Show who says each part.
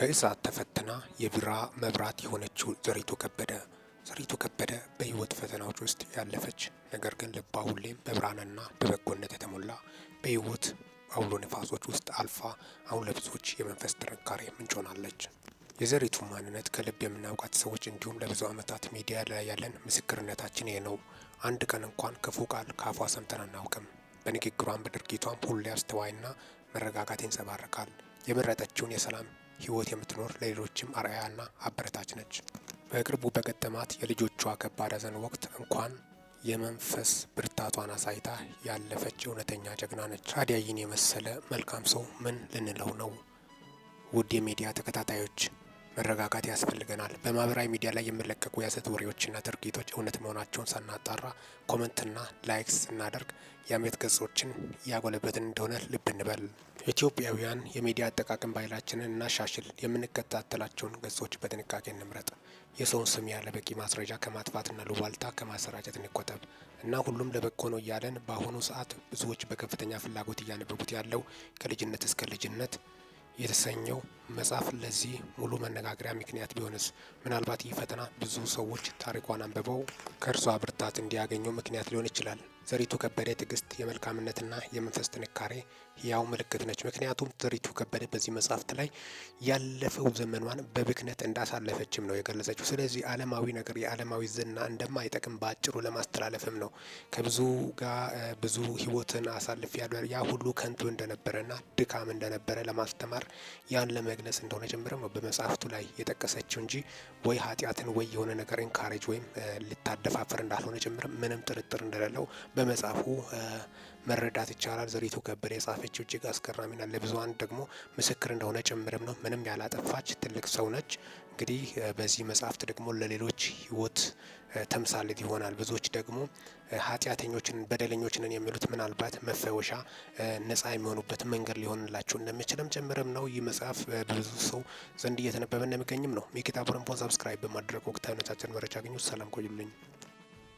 Speaker 1: በእሳት ተፈትና የቢራ መብራት የሆነችው ዘሪቱ ከበደ ዘሪቱ ከበደ በህይወት ፈተናዎች ውስጥ ያለፈች ነገር ግን ልባ ሁሌም በብርሃንና በበጎነት የተሞላ በህይወት አውሎ ነፋሶች ውስጥ አልፋ አሁን ለብዙዎች የመንፈስ ጥንካሬ ምንጭ ሆናለች። የዘሪቱ ማንነት ከልብ የምናውቃት ሰዎች እንዲሁም ለብዙ ዓመታት ሚዲያ ላይ ያለን ምስክርነታችን ይህ ነው። አንድ ቀን እንኳን ክፉ ቃል ከአፏ ሰምተን አናውቅም። በንግግሯም በድርጊቷም ሁሌ አስተዋይና መረጋጋት ይንጸባረቃል። የመረጠችውን የሰላም ህይወት የምትኖር ለሌሎችም አርአያና አበረታች ነች። በቅርቡ በገጠማት የልጆቿ ከባድ ሐዘን ወቅት እንኳን የመንፈስ ብርታቷን አሳይታ ያለፈች እውነተኛ ጀግና ነች። ራዲያይን የመሰለ መልካም ሰው ምን ልንለው ነው? ውድ የሚዲያ ተከታታዮች መረጋጋት ያስፈልገናል። በማህበራዊ ሚዲያ ላይ የሚለቀቁ የሐሰት ወሬዎችና ድርጊቶች እውነት መሆናቸውን ሳናጣራ ኮመንትና ላይክስ ስናደርግ የአሜት ገጾችን እያጎለበትን እንደሆነ ልብ እንበል። ኢትዮጵያውያን የሚዲያ አጠቃቀም ባህላችንን እናሻሽል። የምንከታተላቸውን ገጾች በጥንቃቄ እንምረጥ። የሰውን ስም ያለ በቂ ማስረጃ ከማጥፋትና ሉባልታ ከማሰራጨት እንቆጠብ እና ሁሉም ለበጎ ነው እያለን በአሁኑ ሰዓት ብዙዎች በከፍተኛ ፍላጎት እያነበቡት ያለው ከልጅነት እስከ ልጅነት የተሰኘው መጽሐፍ ለዚህ ሙሉ መነጋገሪያ ምክንያት ቢሆንስ? ምናልባት ይህ ፈተና ብዙ ሰዎች ታሪኳን አንብበው ከእርሷ ብርታት እንዲያገኙ ምክንያት ሊሆን ይችላል። ዘሪቱ ከበደ ትዕግስት፣ የመልካምነትና የመንፈስ ጥንካሬ ያው ምልክት ነች። ምክንያቱም ዘሪቱ ከበደ በዚህ መጽሐፍት ላይ ያለፈው ዘመኗን በብክነት እንዳሳለፈችም ነው የገለጸችው። ስለዚህ ዓለማዊ ነገር የዓለማዊ ዝና እንደማይጠቅም በአጭሩ ለማስተላለፍም ነው ከብዙ ጋር ብዙ ህይወትን አሳልፍ ያሉ ያ ሁሉ ከንቱ እንደነበረና ድካም እንደነበረ ለማስተማር ያን ለመግለጽ እንደሆነ ጀምረም ነው በመጽሐፍቱ ላይ የጠቀሰችው እንጂ ወይ ኃጢአትን ወይ የሆነ ነገር ኢንካሬጅ ወይም ልታደፋፈር እንዳልሆነ ጀምረም ምንም ጥርጥር እንደሌለው በመጽሐፉ መረዳት ይቻላል። ዘሪቱ ገበለ የጻፈችው እጅግ አስገራሚና ለብዙሀን ደግሞ ምስክር እንደሆነ ጭምርም ነው። ምንም ያላጠፋች ትልቅ ሰው ነች። እንግዲህ በዚህ መጽሐፍት ደግሞ ለሌሎች ህይወት ተምሳሌት ይሆናል። ብዙዎች ደግሞ ኃጢአተኞችን በደለኞችንን የሚሉት ምናልባት መፈወሻ ነጻ የሚሆኑበት መንገድ ሊሆንላቸው እንደሚችልም ጭምርም ነው። ይህ መጽሐፍ ብዙ ሰው ዘንድ እየተነበበ እንደሚገኝም ነው። ሚኪታ ቡረንፎን ሰብስክራይብ በማድረግ ወቅታዊ ነታችን መረጃ አገኙ። ሰላም ቆዩልኝ።